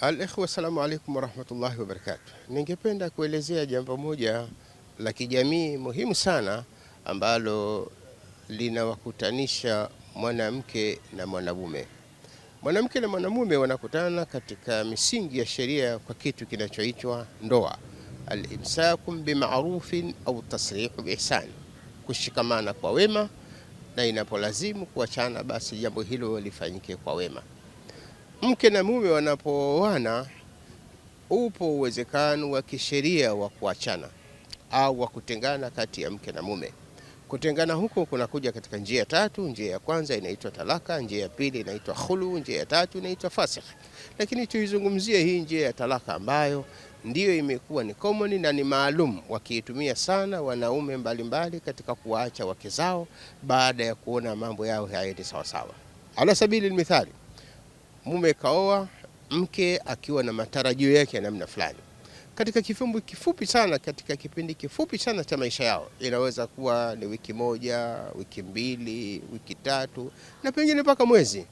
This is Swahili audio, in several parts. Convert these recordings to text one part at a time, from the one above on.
Al-ikhwa, assalamu alaikum warahmatullahi wabarakatuh. Ningependa kuelezea jambo moja la kijamii muhimu sana ambalo linawakutanisha mwanamke na mwanamume. Mwanamke na mwanamume wanakutana katika misingi ya sheria kwa kitu kinachoitwa ndoa, al-imsaku bimarufin au tasrihu bihsan, kushikamana kwa wema na inapolazimu kuachana, basi jambo hilo lifanyike kwa wema mke na mume wanapooana, upo uwezekano wa kisheria wa kuachana au wa kutengana kati ya mke na mume. Kutengana huko kunakuja katika njia tatu. Njia ya kwanza inaitwa talaka, njia ya pili inaitwa khulu, njia ya tatu inaitwa fasikh. Lakini tuizungumzie hii njia ya talaka ambayo ndiyo imekuwa ni common na ni maalum, wakiitumia sana wanaume mbalimbali mbali katika kuwaacha wake zao baada ya kuona mambo yao hayaendi sawasawa. ala sabili mithali mume kaoa mke akiwa na matarajio yake ya namna fulani katika kifumbu kifupi sana, katika kipindi kifupi sana cha maisha yao, inaweza kuwa ni wiki moja, wiki mbili, wiki tatu na pengine mpaka mwezi,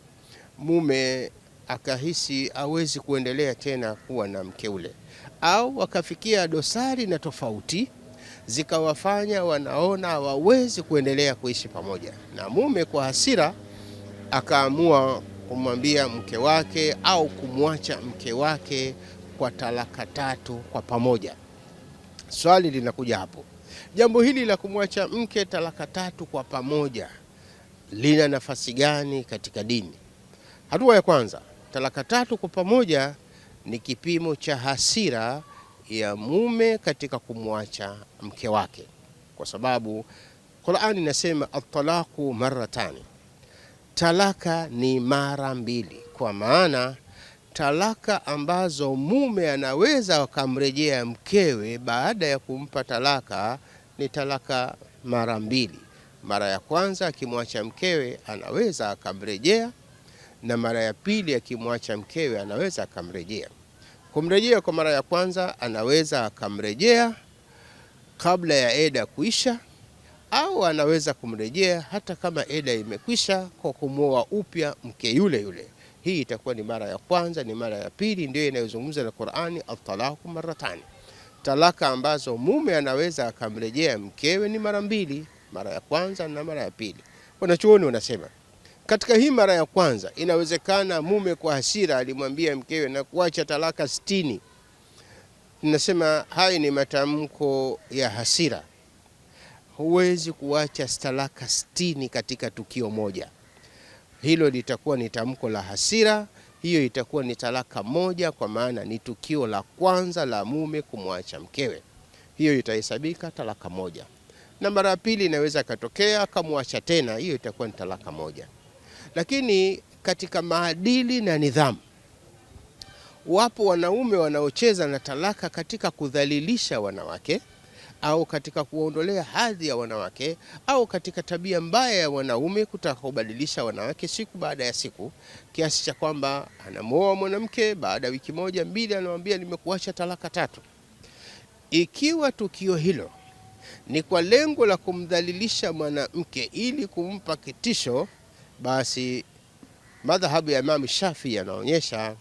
mume akahisi awezi kuendelea tena kuwa na mke ule, au wakafikia dosari na tofauti zikawafanya wanaona hawawezi kuendelea kuishi pamoja, na mume kwa hasira akaamua kumwambia mke wake au kumwacha mke wake kwa talaka tatu kwa pamoja. Swali linakuja hapo, jambo hili la kumwacha mke talaka tatu kwa pamoja lina nafasi gani katika dini? Hatua ya kwanza, talaka tatu kwa pamoja ni kipimo cha hasira ya mume katika kumwacha mke wake, kwa sababu Qur'ani inasema at-talaqu marratani talaka ni mara mbili, kwa maana talaka ambazo mume anaweza akamrejea mkewe baada ya kumpa talaka ni talaka mara mbili. Mara ya kwanza akimwacha mkewe anaweza akamrejea, na mara ya pili akimwacha mkewe anaweza akamrejea. Kumrejea kwa mara ya kwanza anaweza akamrejea kabla ya eda kuisha au anaweza kumrejea hata kama eda imekwisha kwa kumwoa upya mke yule yule. Hii itakuwa ni mara ya kwanza, ni mara ya pili, ndio inayozungumza na Qur'ani, at-talaqu marratani, talaka ambazo mume anaweza akamrejea mkewe ni mara mbili, mara ya kwanza na mara ya pili. Wanachuoni wanasema katika hii mara ya kwanza inawezekana mume kwa hasira alimwambia mkewe na kuacha talaka sitini. Nasema haya ni matamko ya hasira huwezi kuacha talaka sitini katika tukio moja. Hilo litakuwa ni tamko la hasira. Hiyo itakuwa ni talaka moja, kwa maana ni tukio la kwanza la mume kumwacha mkewe. Hiyo itahesabika talaka moja, na mara ya pili inaweza katokea akamwacha tena, hiyo itakuwa ni talaka moja. Lakini katika maadili na nidhamu, wapo wanaume wanaocheza na talaka katika kudhalilisha wanawake au katika kuwaondolea hadhi ya wanawake au katika tabia mbaya ya wanaume kutaka kubadilisha wanawake siku baada ya siku, kiasi cha kwamba anamwoa mwanamke, baada ya wiki moja mbili, anamwambia nimekuacha talaka tatu. Ikiwa tukio hilo ni kwa lengo la kumdhalilisha mwanamke ili kumpa kitisho, basi madhahabu ya Imam Shafi yanaonyesha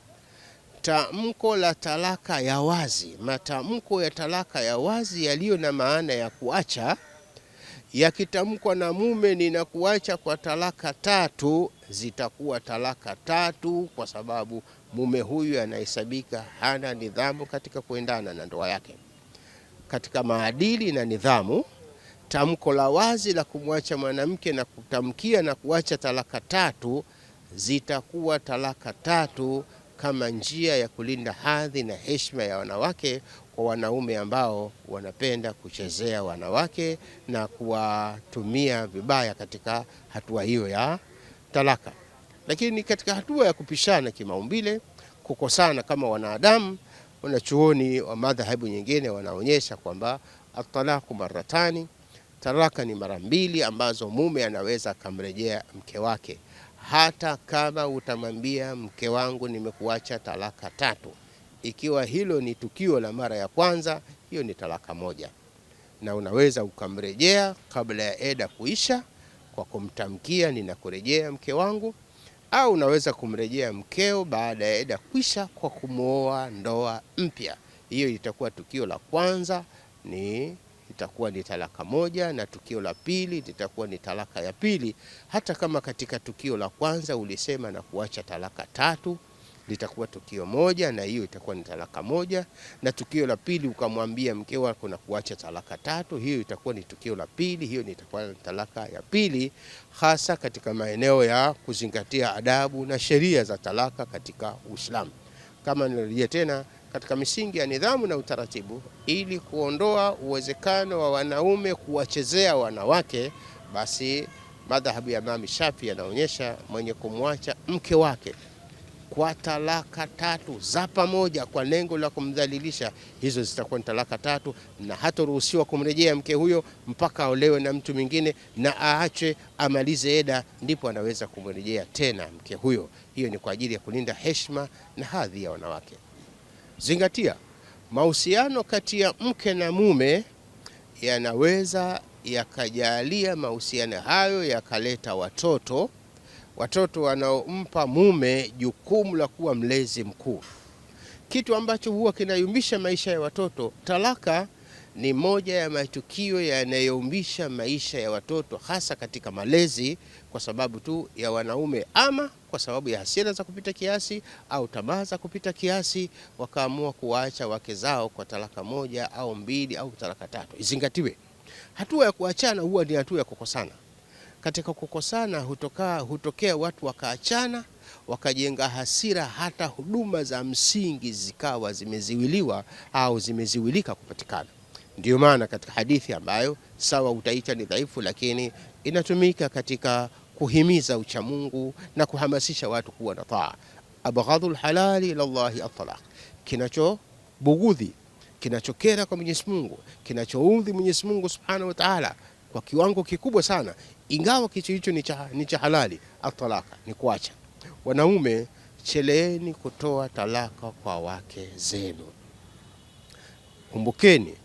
tamko la talaka ya wazi, matamko ya talaka ya wazi yaliyo na maana ya kuacha yakitamkwa na mume, ninakuacha kwa talaka tatu, zitakuwa talaka tatu, kwa sababu mume huyu anahesabika hana nidhamu katika kuendana na ndoa yake katika maadili na nidhamu. Tamko la wazi la kumwacha mwanamke na kutamkia na kuacha talaka tatu, zitakuwa talaka tatu kama njia ya kulinda hadhi na heshima ya wanawake kwa wanaume ambao wanapenda kuchezea wanawake na kuwatumia vibaya katika hatua hiyo ya talaka. Lakini katika hatua ya kupishana kimaumbile, kukosana kama wanadamu, wanachuoni wa madhahabu nyingine wanaonyesha kwamba atalaku maratani, talaka ni mara mbili ambazo mume anaweza akamrejea mke wake hata kama utamwambia mke wangu nimekuacha talaka tatu, ikiwa hilo ni tukio la mara ya kwanza, hiyo ni talaka moja, na unaweza ukamrejea kabla ya eda kuisha kwa kumtamkia ninakurejea mke wangu, au unaweza kumrejea mkeo baada ya eda kuisha kwa kumwoa ndoa mpya. Hiyo itakuwa tukio la kwanza ni litakuwa ni talaka moja, na tukio la pili litakuwa ni talaka ya pili. Hata kama katika tukio la kwanza ulisema na kuacha talaka tatu, litakuwa tukio moja, na hiyo itakuwa ni talaka moja. Na tukio la pili ukamwambia mke wako na kuacha talaka tatu, hiyo itakuwa ni tukio la pili, hiyo itakuwa ni talaka ya pili, hasa katika maeneo ya kuzingatia adabu na sheria za talaka katika Uislamu. Kama nilirejea tena katika misingi ya nidhamu na utaratibu ili kuondoa uwezekano wa wanaume kuwachezea wanawake, basi madhahabu ya Imam Shafi yanaonyesha mwenye kumwacha mke wake kwa talaka tatu za pamoja kwa lengo la kumdhalilisha, hizo zitakuwa ni talaka tatu, na hataruhusiwa kumrejea mke huyo mpaka aolewe na mtu mwingine na aache amalize eda, ndipo anaweza kumrejea tena mke huyo. Hiyo ni kwa ajili ya kulinda heshima na hadhi ya wanawake. Zingatia, mahusiano kati ya mke na mume yanaweza yakajalia mahusiano hayo yakaleta watoto, watoto wanaompa mume jukumu la kuwa mlezi mkuu, kitu ambacho huwa kinayumbisha maisha ya watoto. Talaka ni moja ya matukio yanayoumbisha maisha ya watoto hasa katika malezi, kwa sababu tu ya wanaume, ama kwa sababu ya hasira za kupita kiasi au tamaa za kupita kiasi, wakaamua kuwaacha wake zao kwa talaka moja au mbili au talaka tatu. Izingatiwe, hatua ya kuachana huwa ni hatua ya kukosana. Katika kukosana hutoka, hutokea watu wakaachana wakajenga hasira, hata huduma za msingi zikawa zimeziwiliwa au zimeziwilika kupatikana ndio maana katika hadithi ambayo sawa utaita ni dhaifu, lakini inatumika katika kuhimiza uchamungu na kuhamasisha watu kuwa na taa. Abghadhul halali ila Allahi at-talaq, kinachobugudhi kinachokera kwa Mwenyezi Mungu, kinachoudhi Mwenyezi Mungu Subhanahu wa Ta'ala kwa kiwango kikubwa sana, ingawa kitu hicho ni cha halali. at ni kuacha. Wanaume, cheleeni kutoa talaka kwa wake zenu. Kumbukeni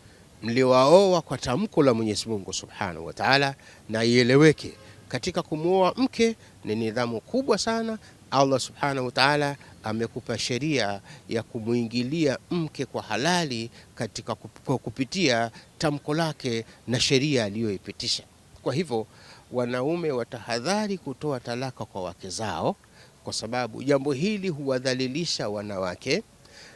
mliwaoa kwa tamko la Mwenyezi Mungu Subhanahu wa Ta'ala, na ieleweke katika kumwoa mke ni nidhamu kubwa sana. Allah Subhanahu wa Ta'ala amekupa sheria ya kumwingilia mke kwa halali katika kupitia tamko lake na sheria aliyoipitisha. Kwa hivyo wanaume watahadhari kutoa talaka kwa wake zao, kwa sababu jambo hili huwadhalilisha wanawake,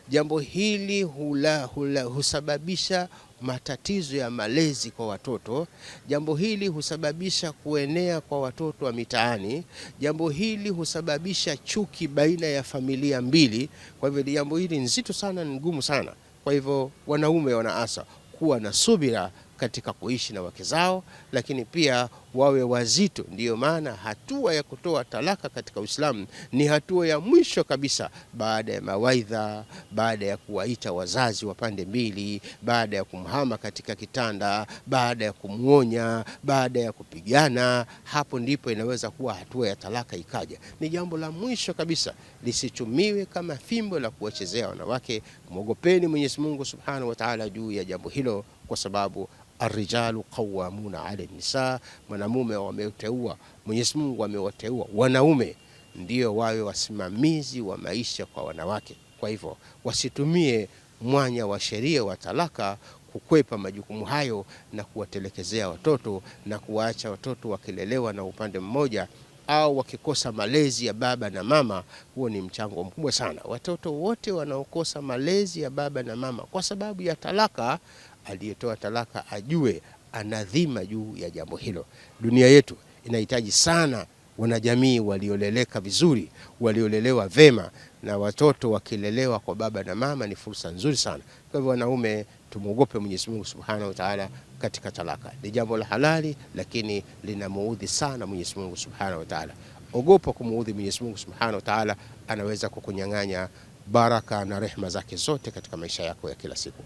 jambo hili hula, hula, husababisha matatizo ya malezi kwa watoto. Jambo hili husababisha kuenea kwa watoto wa mitaani. Jambo hili husababisha chuki baina ya familia mbili. Kwa hivyo jambo hili nzito sana, ni ngumu sana. Kwa hivyo wanaume wanaasa kuwa na subira katika kuishi na wake zao, lakini pia wawe wazito. Ndiyo maana hatua ya kutoa talaka katika Uislamu ni hatua ya mwisho kabisa, baada ya mawaidha, baada ya kuwaita wazazi wa pande mbili, baada ya kumhama katika kitanda, baada ya kumwonya, baada ya kupigana. Hapo ndipo inaweza kuwa hatua ya talaka ikaja. Ni jambo la mwisho kabisa, lisichumiwe kama fimbo la kuwachezea wanawake. Mwogopeni Mwenyezi Mungu Subhanahu wa Ta'ala juu ya jambo hilo kwa sababu Arrijalu qawamuna ala nisaa, mwanamume wameteua, Mwenyezi Mungu amewateua wanaume ndio wawe wasimamizi wa maisha kwa wanawake. Kwa hivyo wasitumie mwanya wa sheria wa talaka kukwepa majukumu hayo na kuwatelekezea watoto na kuwaacha watoto wakilelewa na upande mmoja au wakikosa malezi ya baba na mama. Huo ni mchango mkubwa sana. Watoto wote wanaokosa malezi ya baba na mama kwa sababu ya talaka aliyetoa talaka ajue anadhima juu ya jambo hilo. Dunia yetu inahitaji sana wanajamii walioleleka vizuri, waliolelewa vema, na watoto wakilelewa kwa baba na mama ni fursa nzuri sana. Kwa hivyo, wanaume tumwogope Mwenyezi Mungu Subhanahu wa Ta'ala katika talaka. Ni jambo la halali, lakini linamuudhi sana Mwenyezi Mungu Subhanahu wa Ta'ala. Ogopa kumuudhi Mwenyezi Mungu Subhanahu wa Ta'ala, anaweza kukunyang'anya baraka na rehema zake zote katika maisha yako ya kila siku.